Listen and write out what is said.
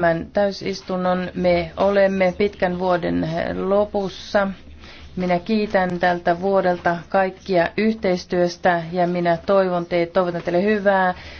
tämän täysistunnon. Me olemme pitkän vuoden lopussa. Minä kiitän tältä vuodelta kaikkia yhteistyöstä ja minä toivon teille, toivotan teille hyvää